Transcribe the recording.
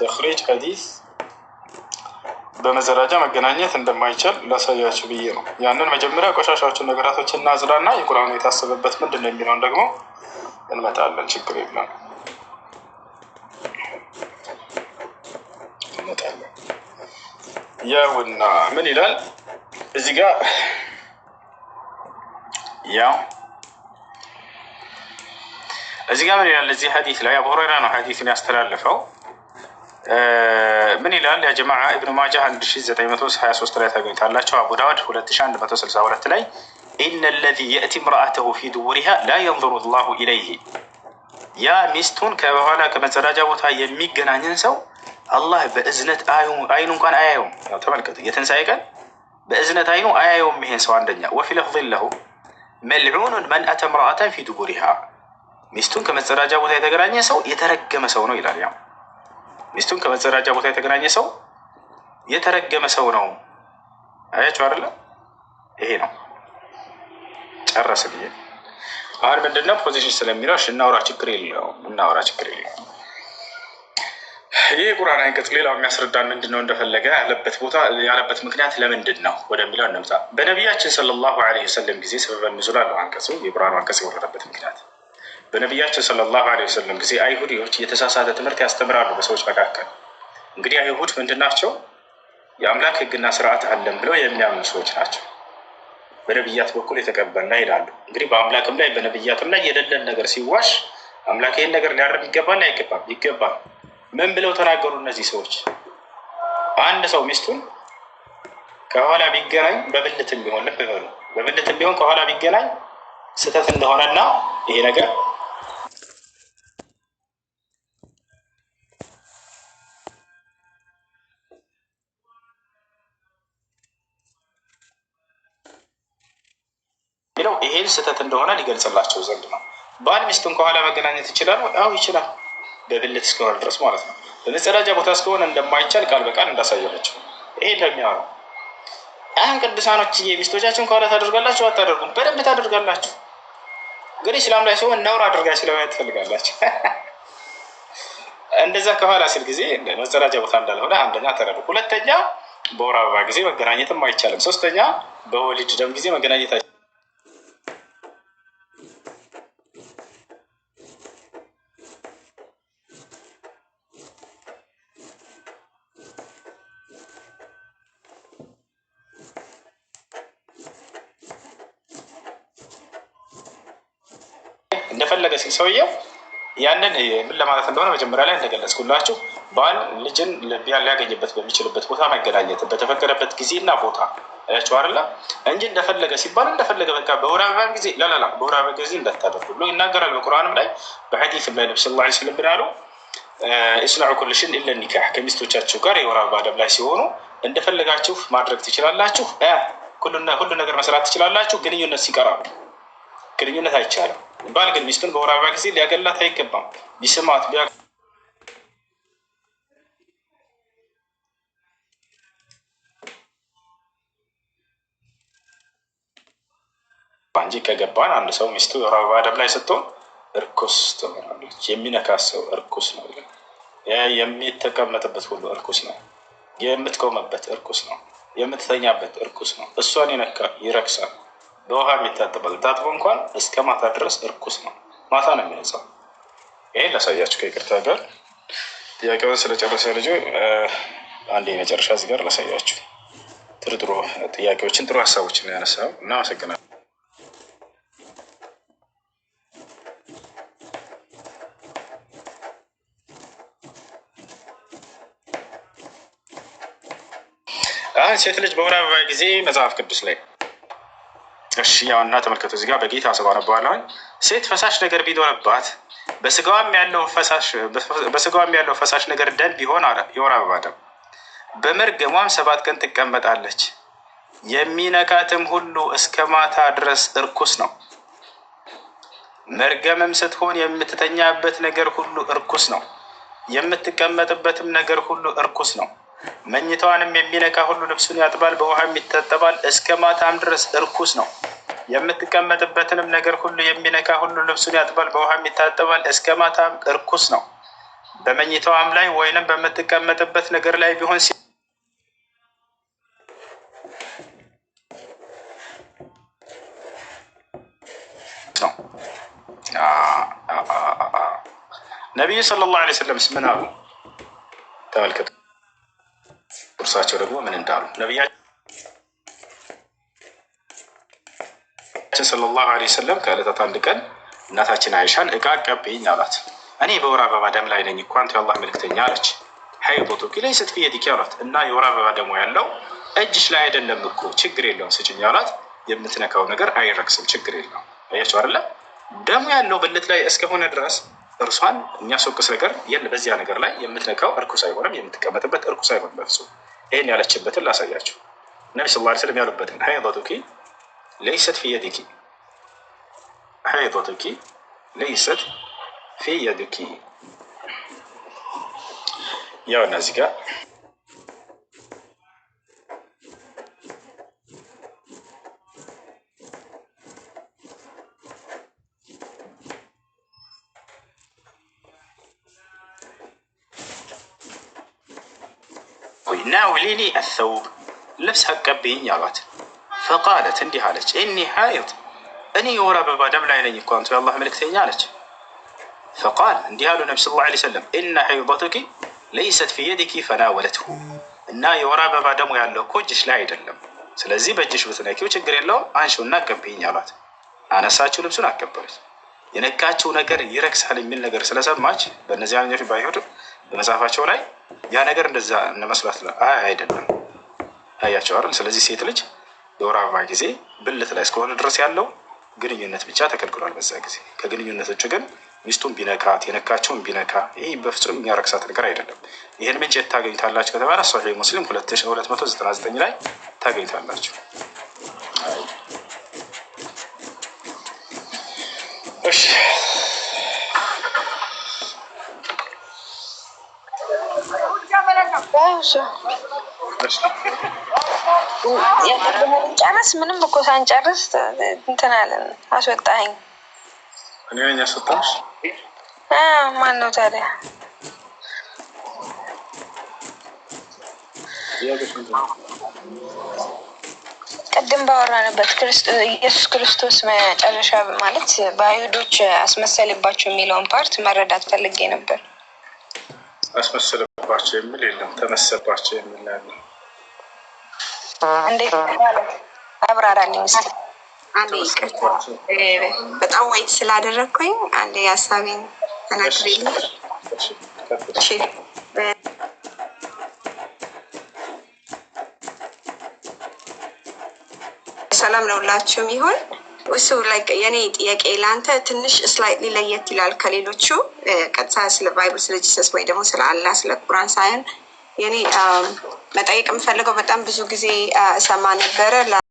ተኽሪጅ ሐዲስ በመዘራጃ መገናኘት እንደማይቻል ላሳያችሁ ብዬ ነው። ያንን መጀመሪያ ቆሻሻዎችን ነገራቶች እናዝራ እናዝራና የቁርአኑ የታሰበበት ምንድን ነው የሚለውን ደግሞ እንመጣለን። ችግር የለም ያውና ምን ይላል እዚህ ጋር ያው እዚህ ጋር ምን ይላል እዚህ ሐዲስ ላይ አቡ ሁረይራ ነው ሐዲስን ያስተላልፈው ምን ይላል ያ ጀማዓ ኢብኑ ማጃ 1923 ላይ ታገኝታላቸው። አቡ ዳውድ 2162 ላይ ኢነ ለዚ የእቲ ምርአተሁ ፊ ድቡሪሃ ላ የንظሩ ላሁ ኢለይህ፣ ያ ሚስቱን ከበኋላ ከመጸዳጃ ቦታ የሚገናኝን ሰው አላህ በእዝነት አይኑ እንኳን አያየውም። ተመልከቱ፣ የትንሣኤ ቀን በእዝነት አይኑ አያየውም ይሄን ሰው። አንደኛ ወፊ ለፍظን ለሁ መልዑኑን መን አተ ምርአተን ፊ ድቡሪሃ፣ ሚስቱን ከመጸዳጃ ቦታ የተገናኘ ሰው የተረገመ ሰው ነው ይላል። ሚስቱን ከመዘራጃ ቦታ የተገናኘ ሰው የተረገመ ሰው ነው። አያቸው አይደለ? ይሄ ነው ጨረስ ብዬ አሁን ምንድነው ፖዚሽን ስለሚለው እናውራ፣ ችግር የለውም እናውራ፣ ችግር የለውም። ይህ የቁርአን አንቀጽ ሌላው የሚያስረዳን ምንድነው እንደፈለገ ያለበት ቦታ ያለበት ምክንያት ለምንድን ነው ወደሚለው እንምጣ። በነቢያችን ሰለላሁ ዐለይሂ ወሰለም ጊዜ ሰበበ ኑዙል አለው አንቀጹ የቁርአኑ አንቀጽ የወረደበት ምክንያት በነቢያችን ሰለላሁ ዐለይሂ ወሰለም ጊዜ አይሁዲዎች የተሳሳተ ትምህርት ያስተምራሉ በሰዎች መካከል። እንግዲህ አይሁድ ምንድን ናቸው? የአምላክ ሕግና ስርዓት አለን ብለው የሚያምኑ ሰዎች ናቸው። በነብያት በኩል የተቀበልና ይላሉ። እንግዲህ በአምላክም ላይ በነብያትም ላይ የሌለን ነገር ሲዋሽ አምላክ ይህን ነገር ሊያደርግ ይገባል አይገባም? ይገባል። ምን ብለው ተናገሩ እነዚህ ሰዎች? አንድ ሰው ሚስቱን ከኋላ ቢገናኝ በብልትም ቢሆን ልብ በብልትም ቢሆን ከኋላ ቢገናኝ ስህተት እንደሆነና ይሄ ነገር የሚለው ይሄን ስህተት እንደሆነ ሊገልጽላቸው ዘንድ ነው። ባል ሚስቱን ከኋላ መገናኘት ይችላል ወይ? አዎ ይችላል፣ በብልት እስከሆነ ድረስ ማለት ነው። በመጸዳጃ ቦታ እስከሆነ እንደማይቻል ቃል በቃል እንዳሳየናቸው ይሄ ለሚያው ነው። አሁን ቅዱሳኖች ሚስቶቻችሁን ከኋላ ታደርጋላችሁ አታደርጉም? በደንብ ታደርጋላችሁ። ግን ስላም ላይ ሲሆን ነውር አድርጋ ለማየት ትፈልጋላችሁ። እንደዛ ከኋላ ሲል ጊዜ መጸዳጃ ቦታ እንዳልሆነ አንደኛ ተረዱ፣ ሁለተኛ በወር አበባ ጊዜ መገናኘትም አይቻልም፣ ሶስተኛ በወሊድ ደም ጊዜ መገናኘት የፈለገ ሲል ሰውየው ያንን ምን ለማለት እንደሆነ መጀመሪያ ላይ እንደገለጽኩላችሁ ባል ልጅን ሊያገኝበት በሚችልበት ቦታ መገናኘት በተፈቀደበት ጊዜ እና ቦታ ያቸው አለ እንጂ እንደፈለገ ሲባል እንደፈለገ በቃ በወር አበባ ጊዜ ላላላ በወር አበባ ጊዜ እንዳታደርጉ ብሎ ይናገራል። በቁርአንም ላይ በሐዲስም ላይ ነብዩ ሰለላሁ ዐለይሂ ወሰለም ብላሉ እስናዑ ኩል ሽን ኢለ ኒካህ ከሚስቶቻችሁ ጋር የወር አበባ አደብ ላይ ሲሆኑ እንደፈለጋችሁ ማድረግ ትችላላችሁ፣ ሁሉ ነገር መስራት ትችላላችሁ። ግንኙነት ሲቀራ ግንኙነት አይቻልም። ባል ግን ሚስቱን በወር አበባ ጊዜ ሊያገላት አይገባም። ቢስማት እንጂ ከገባን አንድ ሰው ሚስቱ የወር አበባ ላይ ስትሆን እርኩስ ትሆናለች። የሚነካ ሰው እርኩስ ነው። የሚተቀመጥበት ሁሉ እርኩስ ነው። የምትቆመበት እርኩስ ነው። የምትተኛበት እርኩስ ነው። እሷን ይነካ ይረክሳል። በውሃ የሚታጠባል ታጥቦ እንኳን እስከ ማታ ድረስ እርኩስ ነው። ማታ ነው የሚነጻው። ይሄን ላሳያችሁ ከይቅርታ ጋር ጥያቄውን ስለጨረሰ ልጁ አንድ የመጨረሻ እዚህ ጋር ላሳያችሁ። ጥሩ ጥያቄዎችን ጥሩ ሀሳቦችን ነው ያነሳው እና አመሰግናለሁ። ሴት ልጅ በወር አበባ ጊዜ መጽሐፍ ቅዱስ ላይ እሺኛውና ተመልከቱ እዚህ ጋር በጌታ ሴት ፈሳሽ ነገር ቢኖርባት በስጋዋም ያለው ፈሳሽ ነገር ደም ቢሆን የወር አበባ ደም በመርገሟም ሰባት ቀን ትቀመጣለች። የሚነካትም ሁሉ እስከ ማታ ድረስ እርኩስ ነው። መርገምም ስትሆን የምትተኛበት ነገር ሁሉ እርኩስ ነው። የምትቀመጥበትም ነገር ሁሉ እርኩስ ነው። መኝታዋንም የሚነካ ሁሉ ልብሱን ያጥባል፣ በውሃም ይታጠባል፣ እስከ ማታም ድረስ እርኩስ ነው። የምትቀመጥበትንም ነገር ሁሉ የሚነካ ሁሉ ልብሱን ያጥባል፣ በውሃም ይታጠባል፣ እስከ ማታም እርኩስ ነው። በመኝታዋም ላይ ወይንም በምትቀመጥበት ነገር ላይ ቢሆን ነው። ነቢዩ ሰለላሁ ዐለይሂ ወሰለም ምን አሉ? ተመልከቱ። እሳቸው ደግሞ ምን እንዳሉ ነቢያችን ሰለላሁ ዐለይሂ ወሰለም ከዕለታት አንድ ቀን እናታችን አይሻን እቃ ቀብኝ አላት። እኔ በወር አበባ ደም ላይ ነኝ እኮ አንተ የአላህ መልክተኛ አለች። ሀይቦቶ ኪላይ ስትፊ የዲኪ አሏት እና የወር አበባ ደሞ ያለው እጅሽ ላይ አይደለም እኮ ችግር የለውም ስጭኝ አሏት። የምትነካው ነገር አይረክስም ችግር የለው። አያቸው አለ ደሙ ያለው ብልት ላይ እስከሆነ ድረስ እርሷን የሚያስወቅስ ነገር በዚያ ነገር ላይ የምትነካው እርኩስ አይሆንም። የምትቀመጥበት እርኩስ አይሆን በፍጹም ይህን ያለችበትን ላሳያችሁ። ነቢ ስ ላ ስለም ያሉበትን ሀይዶቱኪ ለይሰት ፊ የድኪ፣ ሀይዶቱኪ ለይሰት ፊ የድኪ። ያው እነዚህ ጋር ቆይ ናውሊኒ አሰውብ ልብስ አቀብይኝ አሏት። ፈቃለት እንዲህ አለች፣ እኒ ሀይድ እኔ የወር አበባ ደም ላይ ነኝ እኮ አንቱ የአላህ መልእክተኛ አለች። ፈቃል እንዲህ አሉ ነቢ ሰለላሁ ዐለይሂ ወሰለም እና ሀይበቱኪ ለይሰት ፊ ፈናወለትሁ እና የወር አበባ ደሙ ያለው እኮ እጅሽ ላይ አይደለም። ስለዚህ በእጅሽ ብትነኪው ችግር የለውም አንሺው እና አቀብይኝ አሏት። አነሳችው፣ ልብሱን አቀበሉት። የነካችው ነገር ይረክሳል የሚል ነገር ስለሰማች በእነዚህ አይነቶች ባይሁድ በመጽሐፋቸው ላይ ያ ነገር እንደዛ እንመስላት አይደለም። አያቸው አይደል? ስለዚህ ሴት ልጅ የወር አበባ ጊዜ ብልት ላይ እስከሆነ ድረስ ያለው ግንኙነት ብቻ ተከልክሏል። በዛ ጊዜ ከግንኙነት ውጭ ግን ሚስቱን ቢነካት የነካቸውን ቢነካ ይህ በፍጹም የሚያረክሳት ነገር አይደለም። ይህን ምንጭ የት ታገኝታላችሁ ከተባለ ሶሒህ ሙስሊም 299 ላይ ታገኝታላችሁ። እሺ ጨረስ ጨርስ። ምንም እኮ ሳንጨርስ እንትን አለን። አስወጣኸኝ። እኔ ነኝ ማን ነው ታዲያ? ቅድም ባወራንበት ኢየሱስ ክርስቶስ መጨረሻ ማለት በአይሁዶች አስመሰልባቸው የሚለውን ፓርት መረዳት ፈልጌ ነበር። ተነሳባቸው የሚል የለም። ተነሰባቸው የሚል ያለ እንዴት በጣም ወይት ስላደረግኩኝ አንዴ ሀሳቤን ተናግሬል ሰላም ለሁላችሁም ይሁን። እሱ የኔ ጥያቄ ለአንተ ትንሽ ስላይትሊ ለየት ይላል ከሌሎቹ ቀጥታ ስለ ባይብል ስለ ጂሰስ ወይ ደግሞ ስለ አላ ስለ ቁራን ሳይሆን የኔ መጠየቅ የምፈልገው በጣም ብዙ ጊዜ እሰማ ነበረ